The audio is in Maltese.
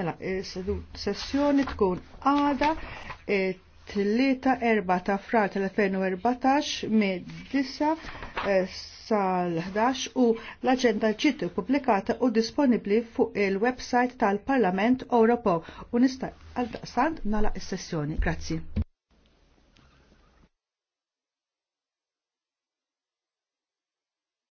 Mela, sessjoni tkun għada e, tlieta erba ta' frar tal-2014 mid disa e, sal-11 u l-agenda ġiet publikata u disponibli fuq il-website tal-Parlament Europo. u nista' għal sand nala s-sessjoni. Grazzi.